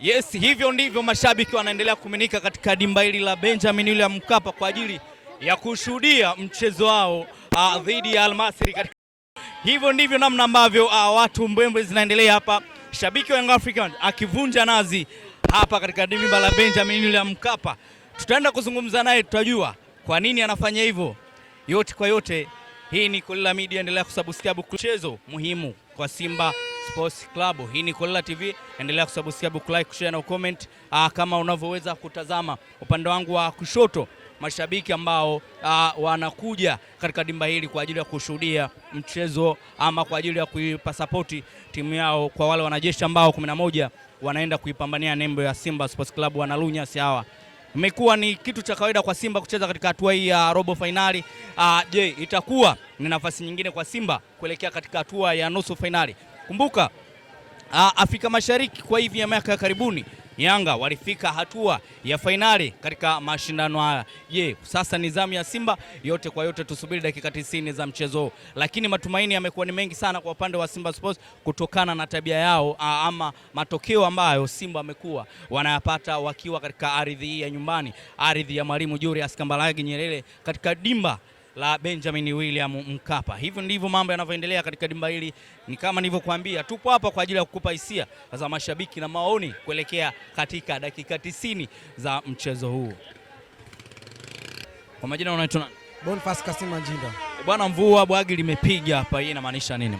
Yes, hivyo ndivyo mashabiki wanaendelea kuminika katika dimba hili la Benjamin William Mkapa kwa ajili ya kushuhudia mchezo wao ah, dhidi ya Almasri katika... hivyo ndivyo namna ambavyo ah, watu mbwembwe zinaendelea hapa, shabiki wa Young African akivunja nazi hapa katika dimba la Benjamin William Mkapa. Tutaenda kuzungumza naye, tutajua kwa nini anafanya hivyo. Yote kwa yote, hii ni Kolila Media, endelea kusubscribe. Mchezo muhimu kwa Simba Sports Club. Hii ni Kolila TV, endelea kusubscribe, kulike, kushare na comment. Aa, ah, kama unavyoweza kutazama upande wangu wa kushoto mashabiki ambao aa, ah, wanakuja katika dimba hili kwa ajili ya kushuhudia mchezo ama kwa ajili ya kuipa sapoti timu yao, kwa wale wanajeshi ambao 11 wanaenda kuipambania nembo ya Simba Sports Club wanalunya hawa imekuwa ni kitu cha kawaida kwa Simba kucheza katika hatua hii ya robo fainali. Ah, je, itakuwa ni nafasi nyingine kwa Simba kuelekea katika hatua ya nusu fainali? Kumbuka Afrika Mashariki kwa hivi ya miaka ya karibuni Yanga walifika hatua ya fainali katika mashindano haya. Je, sasa ni zamu ya Simba? Yote kwa yote tusubiri dakika 90 za mchezo, lakini matumaini yamekuwa ni mengi sana kwa upande wa Simba Sports kutokana na tabia yao ama matokeo ambayo Simba wamekuwa wanayapata wakiwa katika ardhi hii ya nyumbani, ardhi ya Mwalimu Julius Kambarage Nyerere katika dimba la Benjamin William Mkapa. Hivyo ndivyo mambo yanavyoendelea katika dimba hili, ni kama nilivyokuambia, tupo hapa kwa ajili ya kukupa hisia za mashabiki na maoni kuelekea katika dakika tisini za mchezo huu. Kwa majina unaitwa nani? Bonfas Kasima Njinda. Bwana, mvua bwagi limepiga hapa, hii inamaanisha nini?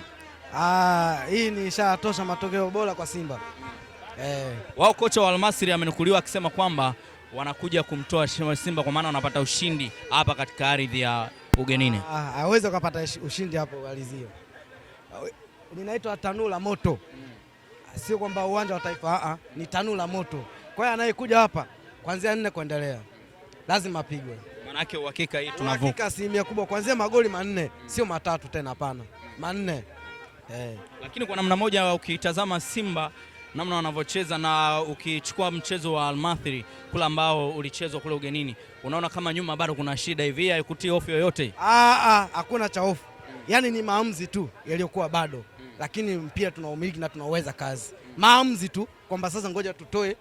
Ah, hii ni ishara tosha, matokeo bora kwa Simba. Eh, wao kocha wa Almasri amenukuliwa akisema kwamba wanakuja kumtoa Simba kwa maana wanapata ushindi hapa katika ardhi ya ugenini? Ah, Aweza ukapata ushindi hapo walizio. Linaitwa tanu la moto, sio kwamba uwanja wa Taifa. A, ah, ah, ni tanu la moto. Kwa hiyo anayekuja hapa kuanzia nne kuendelea lazima apigwe, manake uhakika hii tunavuka uhakika asilimia kubwa, kuanzia magoli manne, sio matatu tena, hapana, manne eh. Lakini kwa namna moja ukitazama Simba namna wanavyocheza, na ukichukua mchezo wa Almathiri kule ambao ulichezwa kule ugenini, unaona kama nyuma bado kuna shida hivi, haikutii hofu yoyote? Ah, ah, hakuna cha hofu, yaani ni maamuzi tu yaliyokuwa bado mm. Lakini mpira tunaumiliki na tunaweza kazi mm. Maamuzi tu kwamba sasa ngoja tutoe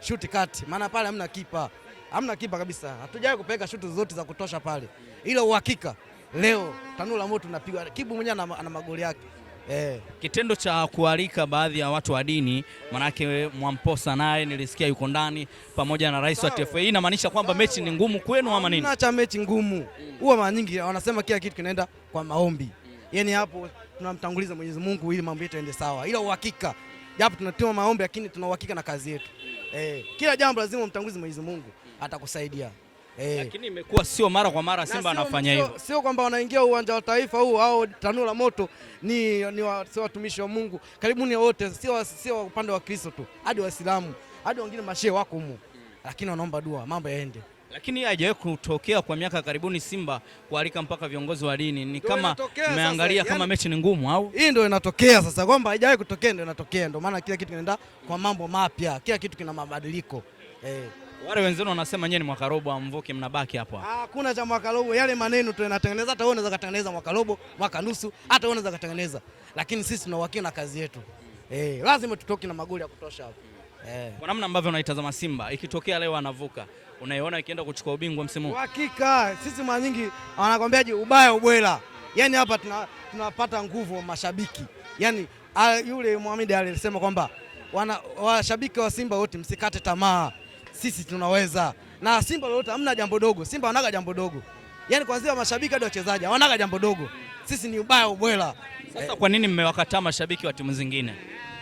shuti kati, maana pale hamna kipa, hamna kipa kabisa, hatujawahi kupeleka shuti zote za kutosha pale, ila uhakika leo tanuru la moto tunapigwa. Kibu mwenyewe ana magoli yake eh. Kitendo cha kualika baadhi ya watu wa dini, manake Mwamposa naye nilisikia yuko ndani pamoja na rais wa TFF. Hii inamaanisha kwamba mechi ni ngumu kwenu ama nini? Acha mechi ngumu huwa mara nyingi wanasema kila kitu kinaenda kwa maombi, yaani hapo tunamtanguliza Mwenyezi Mungu ili mambo yetu yaende sawa, ila uhakika japo tunatuma maombi, lakini tuna uhakika na kazi yetu eh. Kila jambo lazima umtangulize Mwenyezi Mungu, atakusaidia hey. Eh. Lakini imekuwa sio mara kwa mara Simba anafanya hivyo, sio kwamba wanaingia uwanja wa Taifa huu au tano la moto, ni, ni wa, sio watumishi wa Mungu karibuni wote, sio sio upande wa Kristo tu, hadi Waislamu hadi wengine mashehe wako humu, lakini wanaomba dua mambo yaende lakini haijawahi kutokea kwa miaka karibuni Simba kualika mpaka viongozi wa dini. Ni kama umeangalia kama yani, mechi ni ngumu au hii ndio inatokea sasa, kwamba haijawahi kutokea ndio inatokea. Ndio maana kila kitu kinaenda kwa mambo mapya, kila kitu kina mabadiliko eh. Wale wenzenu wanasema nyinyi ni mwaka robo amvuki mnabaki hapo hapo. Ah, kuna cha mwaka robo, yale maneno tunatengeneza, hata wewe unaweza kutengeneza mwaka robo, mwaka nusu, hata wewe unaweza kutengeneza. Lakini sisi tuna uhakika na kazi yetu. Eh, lazima tutoke na magoli ya kutosha hapo. Eh. Kwa namna ambavyo unaitazama Simba ikitokea leo anavuka, unaiona ikienda kuchukua ubingwa msimu huu? Hakika, sisi mara nyingi wanakwambiaje ubaya ubwela. yani hapa tunapata nguvu nguvu mashabiki. yani yule Mohamed alisema kwamba wana washabiki wa Simba wote msikate tamaa sisi tunaweza. Na Simba lolote hamna jambo dogo. Simba wanaga jambo dogo. Yaani kwanza mashabiki hadi wachezaji wanaga jambo dogo. Sisi ni ubaya ubwela. Sasa eh, kwa nini mmewakataa mashabiki wa timu zingine?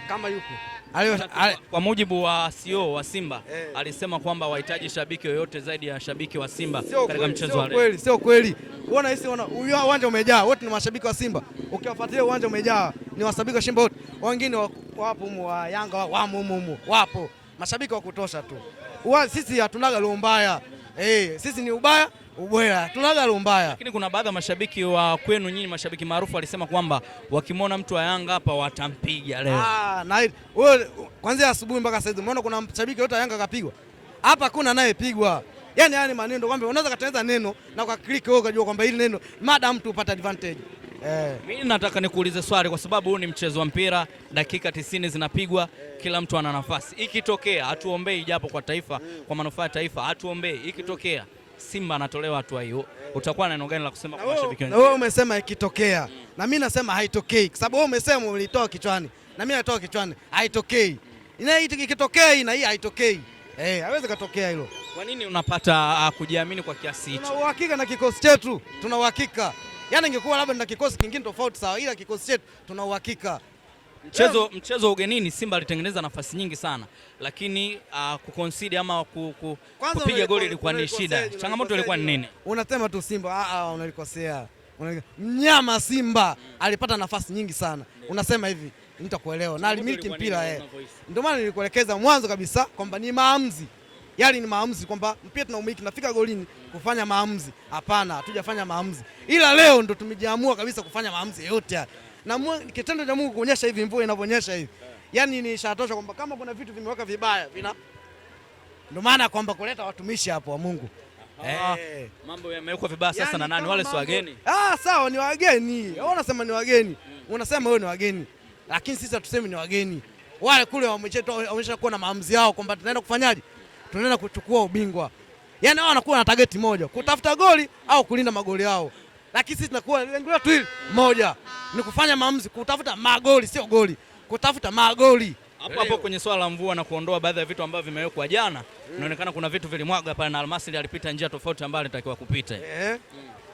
Kama yupo. Alio, al... Kwa mujibu wa CEO wa Simba eh, alisema kwamba wahitaji shabiki yoyote zaidi ya shabiki wa Simba katika mchezo wa leo. Sio kweli, sio kweli. Uona hisi uwanja umejaa, wote ni mashabiki wa Simba. Ukiwafuatilia uwanja umejaa, ni washabiki wa Simba wote. Wengine wapo humo wa Yanga, wamo humo, wapo mashabiki wa kutosha tu. Uwa, sisi hatunaga roho mbaya eh, sisi ni ubaya ubwela, tunaga roho mbaya. Lakini kuna baadhi ya mashabiki wa kwenu nyinyi, mashabiki maarufu walisema kwamba wakimwona mtu wa Yanga hapa watampiga leo. Ah, na wewe kwanza asubuhi mpaka sasa hivi umeona kuna mshabiki yote wa Yanga kapigwa hapa? kuna anayepigwa yani, yani ni maneno kwamba unaweza kutengeneza neno na click wewe ukajua kwamba hili neno madam tu upata advantage. Eh. Mimi nataka nikuulize swali kwa sababu huu ni mchezo wa mpira, dakika tisini zinapigwa, kila mtu ana nafasi. Ikitokea hatuombei japo kwa taifa, kwa manufaa ya taifa hatuombei. Ikitokea Simba anatolewa hatua hiyo, utakuwa na neno gani la kusema kwa mashabiki wenzako? Wewe umesema ikitokea, na mimi nasema haitokei, kwa sababu wewe umesema ulitoa kichwani, na mimi natoa kichwani, haitokei. Ina ikitokea hii na hii haitokei. Eh, haiwezi katokea hilo. Kwa nini unapata uh, kujiamini kwa kiasi hicho? Tuna uhakika na kikosi chetu, tuna uhakika Yaani ingekuwa labda na kikosi kingine tofauti sawa, ila kikosi chetu tuna uhakika mchezo mchezo ugenini. Simba alitengeneza nafasi nyingi sana, lakini uh, kuconcede ama ku, ku, kupiga goli ilikuwa ni shida. Changamoto ilikuwa ni nini? Unasema tu Simba, a ah, a, ah, unalikosea mnyama Simba mm. alipata nafasi nyingi sana yeah. Unasema hivi nitakuelewa, na alimiliki mpira eh. yeye, ndio maana nilikuelekeza mwanzo kabisa kwamba ni maamuzi yale yaani ni maamuzi kwamba mpira tunaumiliki, tunafika golini kufanya maamuzi. Hapana, hatujafanya maamuzi, ila leo ndo tumejiamua kabisa kufanya maamuzi yote, haya na kitendo cha Mungu kuonyesha hivi, mvua inavyonyesha hivi, yani ni ishara tosha kwamba kama kuna vitu vimeweka vibaya vina, ndio maana kwamba kuleta watumishi hapo wa Mungu. Hey. Eh, ah. Mambo yamewekwa vibaya sasa yani, na nani wale si wageni? Ah, sawa ni wageni. Wao unasema ni wageni. Mm. Unasema wewe ni wageni. Lakini sisi hatusemi ni wageni. Wale kule wameshakuwa na maamuzi yao kwamba tunaenda kufanyaje? tunaenda kuchukua ubingwa. Yaani wao wanakuwa na target moja, kutafuta goli au kulinda magoli yao, lakini sisi tunakuwa lengo letu hili moja ni kufanya maamuzi, kutafuta magoli, sio goli, kutafuta magoli. Hapo hapo kwenye swala la mvua na kuondoa baadhi ya vitu ambavyo vimewekwa jana, inaonekana kuna vitu vilimwaga pale na Almasri alipita njia tofauti ambayo alitakiwa kupita eh.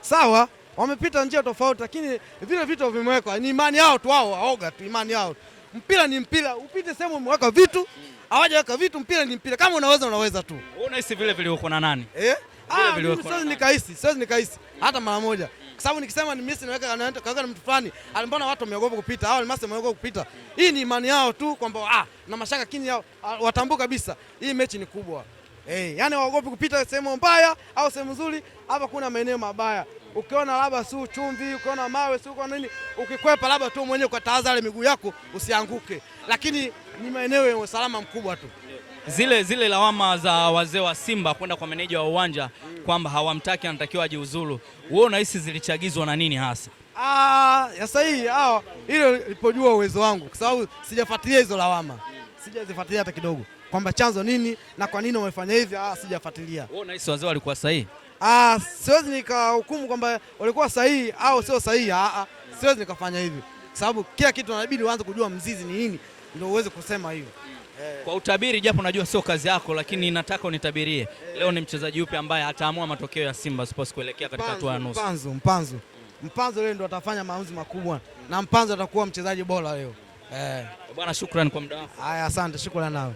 Sawa, wamepita njia tofauti, lakini vile vitu vimewekwa ni imani yao tu, wao waoga tu, imani yao. Mpira ni mpira, upite sehemu umeweka vitu mm hawajaweka vitu, mpira ni mpira, kama unaweza unaweza tu. Unahisi vile vile uko na nani? Eh? Ah, vile vile siwezi nikahisi, siwezi nikahisi hata mara moja kwa sababu nikisema ni Messi naweka kaweka na mtu fulani, alimbona ah, watu wameogopa kupita au Almasi wameogopa kupita? Hii ni imani yao tu kwamba ah, na mashaka kini yao ah, watambua kabisa hii mechi ni kubwa eh, hey, yani waogopi kupita sehemu mbaya au sehemu nzuri. Hapa kuna maeneo mabaya, ukiona labda si chumvi, ukiona mawe si uko nini, ukikwepa labda tu mwenyewe kwa tahadhari miguu yako usianguke, lakini ni maeneo yenye usalama mkubwa tu. Zile zile lawama za wazee wa Simba kwenda kwa meneja wa uwanja kwamba hawamtaki anatakiwa ajiuzulu, wewe unahisi zilichagizwa na nini hasa? Ah, ya sahihi hao, ile ilipojua uwezo wangu, kwa sababu sijafuatilia hizo lawama, sijazifuatilia hata kidogo, kwamba chanzo nini na kwa nini wamefanya hivi. Ah, sijafuatilia. Wewe unahisi wazee walikuwa sahihi? Ah, siwezi nikahukumu kwamba walikuwa sahihi au sio sahihi. Ah, ah siwezi nikafanya hivi, sababu kila kitu inabidi uanze kujua mzizi ni nini ndio uweze kusema hiyo kwa utabiri, japo najua sio kazi yako, lakini nataka unitabirie leo ni mchezaji upi ambaye ataamua matokeo ya Simba Sports kuelekea katika hatua ya nusu. Mpanzu, Mpanzu, Mpanzu leo ndo atafanya maamuzi makubwa na Mpanzu atakuwa mchezaji bora leo. Eh, bwana, shukrani kwa muda wako. Haya, asante, shukrani nawe.